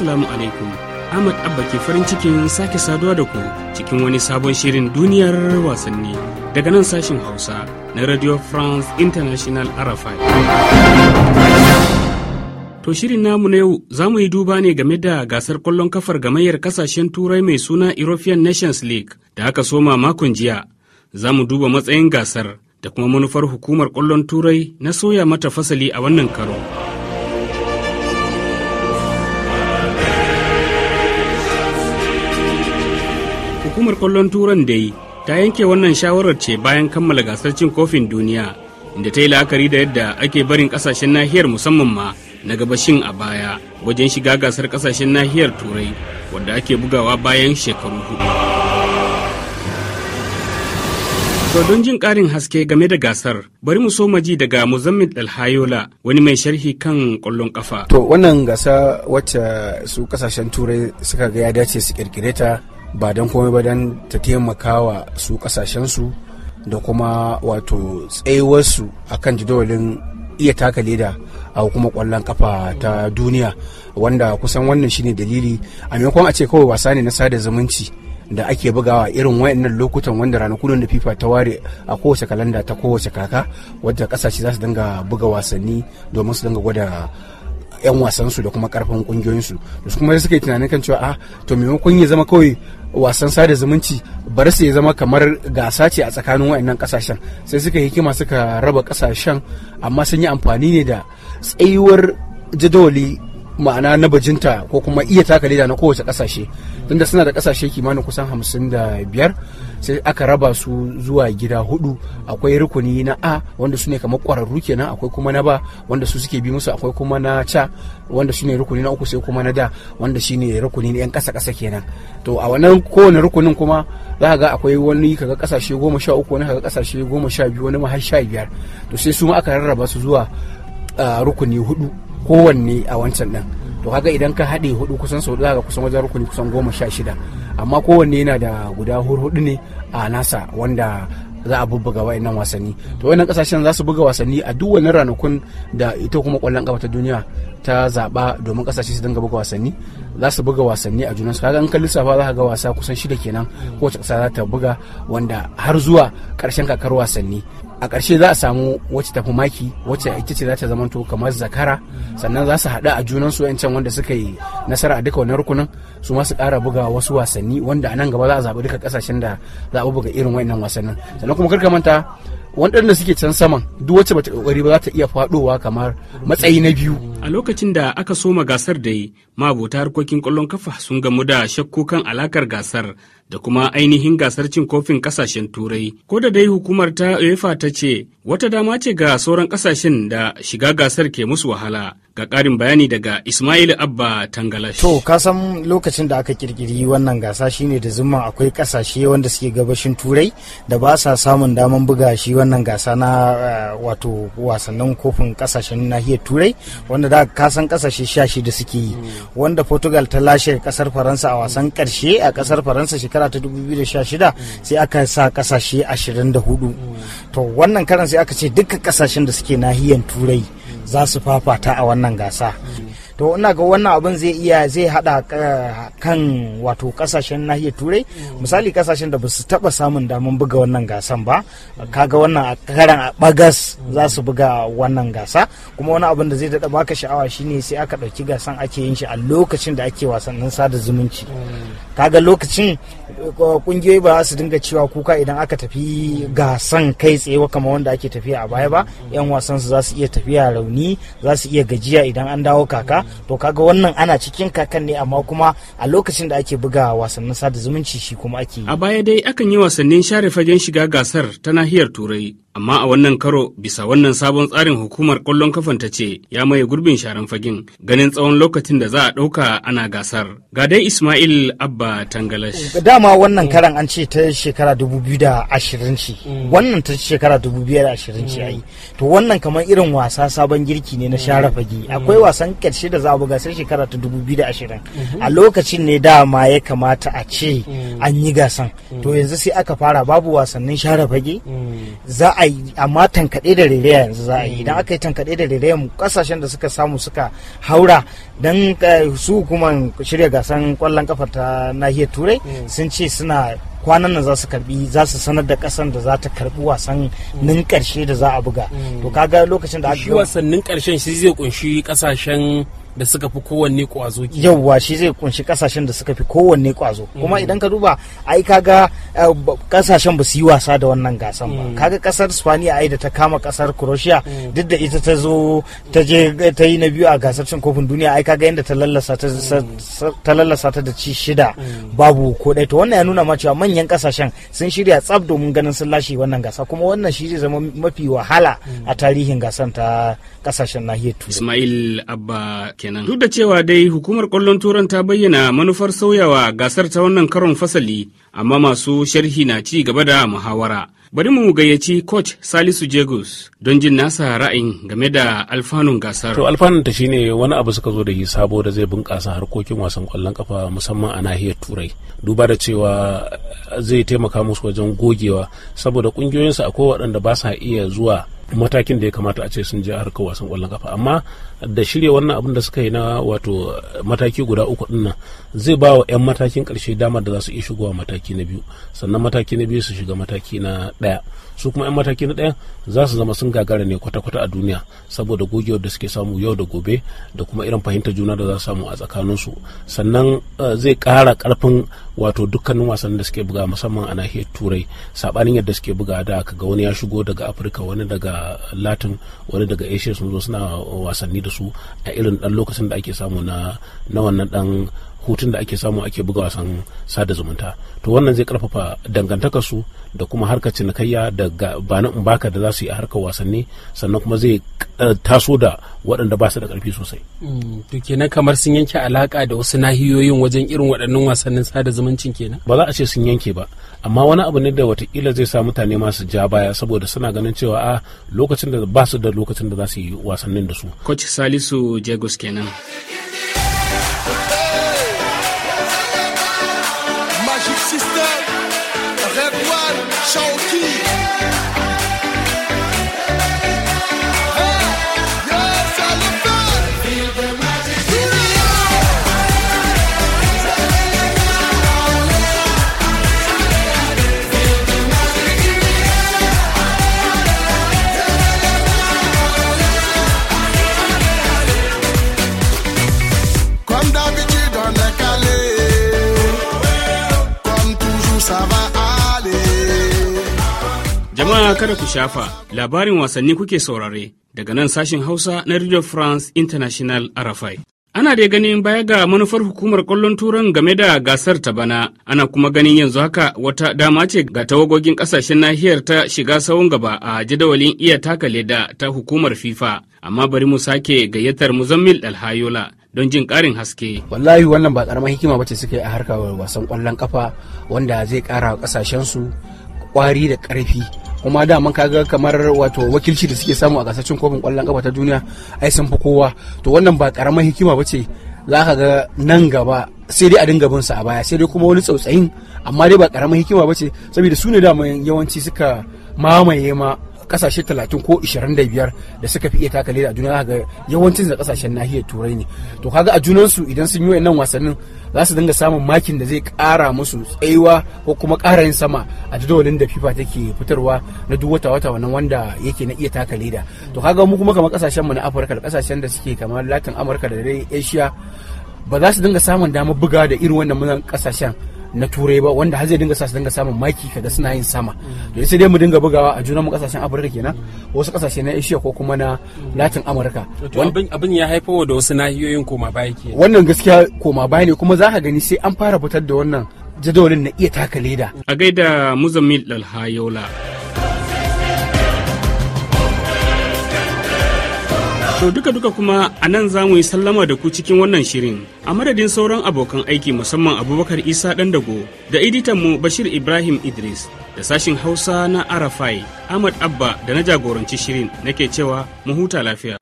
Assalamu alaikum. Ahmad Abba ke farin cikin sake saduwa da ku cikin wani sabon shirin duniyar wasanni daga nan sashin Hausa na Radio France International Arafai. To shirin namu na yau za mu yi duba ne game da gasar kwallon kafar gamayyar kasashen turai mai suna European Nations League da aka soma makon jiya. Za mu duba matsayin gasar da kuma manufar hukumar kwallon turai na soya mata fasali a wannan karo. Hukumar kwallon turan dai ta yanke wannan shawarar ce bayan kammala gasar cin kofin duniya inda ta yi la'akari da yadda ake barin kasashen nahiyar musamman ma na gabashin a baya wajen shiga gasar kasashen nahiyar turai wadda ake bugawa bayan shekaru hudu. To don jin karin haske game da gasar, bari mu so maji daga Muzammil Alhayola wani mai sharhi kan kwallon kafa. To wannan gasa wacce su kasashen turai suka ga ya dace su kirkire ta ba don komai ba don ta taimaka wa su kasashensu da kuma wato tsayuwarsu a kan jadawalin iya taka leda a kuma kwallon kafa ta duniya wanda kusan wannan shine dalili a maimakon a ce kawai wasa ne na sada zumunci da ake bugawa irin wayannan lokutan wanda ranakunan da fifa ta ware a kowace kalanda ta kowace kaka wadda kasashe za su dinga buga wasanni domin su dinga gwada 'yan wasansu da kuma karfin kungiyoyinsu su kuma suka yi tunanin kan cewa a ah, to maimakon ya zama kawai wasan sada zumunci bari su ya zama kamar gasa ce a tsakanin wayannan kasashen sai suka yi hikima suka raba kasashen amma sun yi amfani ne da tsayuwar jadawali ma'ana na bajinta ko kuma iya taka leda na kowace kasashe tunda suna da kasashe kimanin kusan hamsin da biyar sai aka raba su zuwa gida hudu akwai rukuni na a wanda su ne kamar kwararru kenan akwai kuma na ba wanda su suke bi musu akwai kuma na ca wanda su ne rukuni na uku sai kuma na da wanda shi ne rukuni na yan kasa kasa kenan to a wannan kowane rukunin kuma za ga akwai wani kaga kasashe goma sha uku wani kaga kasashe goma sha biyu wani ma har sha biyar to sai su ma aka rarraba su zuwa ah, rukuni hudu kowanne a wancan din to kaga idan ka haɗe hudu kusan sau zaka kusan wajen rukuni kusan goma sha shida amma kowanne yana da guda hudu ne a nasa wanda za a bubbuga nan wasanni to wayannan kasashen za su buga wasanni a duk wani ranakun da ita kuma kwallon kafa ta duniya ta zaɓa domin kasashe su dinga buga wasanni za su buga wasanni a junansu kaga in ka lissafa za ka ga wasa kusan shida kenan kowace kasa za ta buga wanda har zuwa karshen kakar wasanni a ƙarshe za a samu wacce tafi maki wacce ita ce za ta zamanto kamar zakara sannan za su haɗu a junan su yancan wanda suka yi nasara a duka wani rukunin su ma su ƙara buga wasu wasanni wanda a nan gaba za a zaɓi duka ƙasashen da za a buga irin wannan wasannin sannan kuma karka manta waɗanda suke can saman duk wacce bata ƙoƙari ba za ta iya faɗowa kamar matsayi na biyu A lokacin da aka soma gasar da yi, mabota harkokin kwallon kafa sun gamu da shakku kan alakar gasar da kuma ainihin gasar cin kofin ƙasashen turai. Ko da dai hukumar ta UEFA ta ce, wata dama ce ga sauran ƙasashen da shiga gasar ke musu wahala. Ga ƙarin bayani daga Ismail Abba Tangalash. To, kasan lokacin da aka kirkiri wannan gasa shi ne da zuma akwai ƙasashe wanda suke gabashin turai da ba sa samun daman buga shi wannan gasa na eh, wato wasannin kofin ƙasashen nahiyar turai wanda da kasan kasashe sha shida suke yi wanda portugal ta lashe kasar faransa a wasan karshe a kasar faransa shekara ta 2016 sai aka sa kasashe 24 to wannan karan sai aka ce duka kasashen da suke nahiyan turai za su fafata a wannan gasa to ina ga wannan abin zai iya zai hada kan wato kasashen nahiyar turai mm. misali kasashen da ba su taba samun daman buga wannan gasan ba kaga wannan a karan a bagas mm. za su buga wannan gasa kuma wani abin da zai dada baka sha'awa shine sai aka dauki gasan ake yin shi a lokacin da ake wasannin sada zumunci mm. kaga lokacin kungiyoyi ba su dinga cewa kuka idan aka tafi gasan kai tsaye kamar wanda ake tafiya a baya ba yan wasan su za su iya tafiya rauni za su iya gajiya idan an dawo kaka to kaga wannan ana cikin kakan ne amma kuma a lokacin da ake buga wasannin sada zumunci shi kuma ake a baya dai akan yi wasannin share fagen shiga gasar ta nahiyar turai amma a wannan karo bisa wannan sabon tsarin hukumar kwallon kafan ta ce ya maye gurbin sharan fagen ganin tsawon lokacin da za a ɗauka ana gasar ga ismail abba tangalash dama wannan karan an ce ta shekara 2020 ce wannan ta shekara 2020 ce ai to wannan kamar irin wasa sabon girki ne na share fage akwai wasan karshe da za a buga sai shekara ta 2020 a lokacin ne dama ya kamata a ce an yi gasan to yanzu sai aka fara babu wasannin share fage za a yi amma tankaɗe da rere yanzu za a yi idan mm. aka yi tankaɗe da rere mu kasashen da suka samu suka haura don eh, su hukumar shirya gasan kwallon kafa ta nahiyar turai mm. sun ce suna kwanan nan za su karbi za su sanar da kasan da za ta karbi mm. nin karshe da za a buga to kaga lokacin da aka shi wasannin karshen shi zai kunshi kasashen da suka fi kowanne kwazo yauwa shi zai kunshi kasashen da suka fi kowanne kwazo kuma mm. idan ka duba ai kaga kasashen eh, ba su yi wasa da wannan gasan ba mm. kaga kasar spaniya ai da ta kama kasar croatia mm. duk da ita ta zo ta je ta yi na biyu a gasar cin kofin duniya ai kaga yadda ta lallasa ta da ci shida babu ko ɗaya to wannan ya nuna ma cewa manyan kasashen sun shirya tsab domin ganin sun lashe wannan gasa kuma wannan shi zai zama mafi wahala a tarihin gasan ta kasashen nahiyar turai ismail abba kenan. Duk da cewa dai hukumar kwallon turan ta bayyana manufar sauyawa gasar ta wannan karon fasali amma masu sharhi na ci gaba da muhawara. Bari mu gayyaci coach Salisu Jegus don jin nasa ra'ayin game da alfanun gasar. To alfanun ta shine wani abu suka zo da yi sabo da zai bunƙasa harkokin wasan kwallon kafa musamman a nahiyar Turai. Duba da cewa zai taimaka musu wajen gogewa saboda ƙungiyoyinsu akwai waɗanda ba sa iya zuwa matakin da ya kamata a ce sun je harkar wasan kwallon kafa amma da shirya wannan abin da suka yi na wato mataki guda uku din nan zai ba wa 'yan matakin karshe damar da za su iya shigowa mataki na biyu sannan mataki na biyu su shiga mataki na ɗaya su kuma 'yan mataki na ɗaya za su zama sun gagara ne kwata-kwata a duniya saboda gogewar da suke samu yau da gobe da kuma irin fahimtar juna da za su samu a tsakaninsu sannan eh, zai ƙara ƙarfin wato dukkanin wasan da suke buga musamman a nahiyar turai saɓanin yadda suke buga da ka ga wani ya shigo daga afirka wani daga latin wani daga asia sun zo suna wasanni da su a irin dan lokacin da ake samu na wannan dan hutun da ake samu ake buga wasan sada zumunta to wannan zai karfafa dangantakar su da kuma harkar cinikayya da ba na baka da za su yi a harkar wasanni sannan kuma zai eh, taso da waɗanda ba su da karfi sosai. Mm, to kenan kamar sun yanke alaka da wasu nahiyoyin wajen irin waɗannan wasannin sada zumuncin kenan. ba za a ce sun yanke ba amma wani abu ne da wata kila zai sa mutane masu ja baya saboda suna ganin cewa a ah, lokacin da ba su da lokacin da za su yi wasannin da su. coach salisu jagos kenan. 小气。kada ku shafa, labarin wasanni kuke saurare daga nan sashen Hausa na Radio France International RFI. Ana dai ganin baya ga manufar hukumar kwallon turan game da gasar ta bana, ana kuma ganin yanzu haka wata dama ce ga tawagogin kasashen nahiyar ta shiga sawun gaba a jadawalin iya taka leda ta hukumar FIFA. Amma bari mu sake gayyatar Muzammil Alhayola don jin ƙarin haske. Wallahi wannan ba ƙaramin hikima bace suke a harkar wasan kwallon kafa wanda zai ƙara wa su ƙwari da ƙarfi kuma da daman kaga kamar wato wakilci da suke samu a gasar kofin kwallon kafa ta duniya ai sun fi kowa to wannan ba karamar hikima ba ce za ka ga nan gaba sai dai a dinga bin sa a baya sai dai kuma wani tsautsayin amma dai ba karamar hikima ba ce saboda su ne da yawanci suka mamaye ma kasashe 30 ko 25 da suka fi iya taka leda a duniya ga yawancin da kasashen nahiyar turai ne to kaga a junansu idan sun yi wannan wasannin za su dinga samun makin da zai kara musu tsayuwa ko kuma kara yin sama a jadawalin da FIFA take fitarwa na duk wata wata wannan wanda yake na iya taka leda to kaga mu kuma kamar kasashen mu na Afirka da kasashen da suke kamar Latin Amurka da dai Asia ba za su dinga samun damar buga da irin wannan kasashen na turai ba wanda har zai dinga sa dinga samun maki kaga suna yin sama to sai dai mu dinga bugawa a junan mu kasashen afirka kenan wasu kasashe na asia ko kuma na latin amurka abin abin ya haifar da wasu nahiyoyin koma baya ke wannan gaskiya koma baya ne kuma za ka gani sai an fara fitar da wannan jadawalin na iya taka leda a gaida muzammil dalhayola To duka-duka kuma a nan za mu yi sallama da ku cikin wannan shirin. A madadin sauran abokan aiki musamman Abubakar Isa Dandago da mu Bashir Ibrahim Idris da sashin Hausa na Arafai Ahmad Abba da na jagoranci shirin nake cewa mu huta lafiya.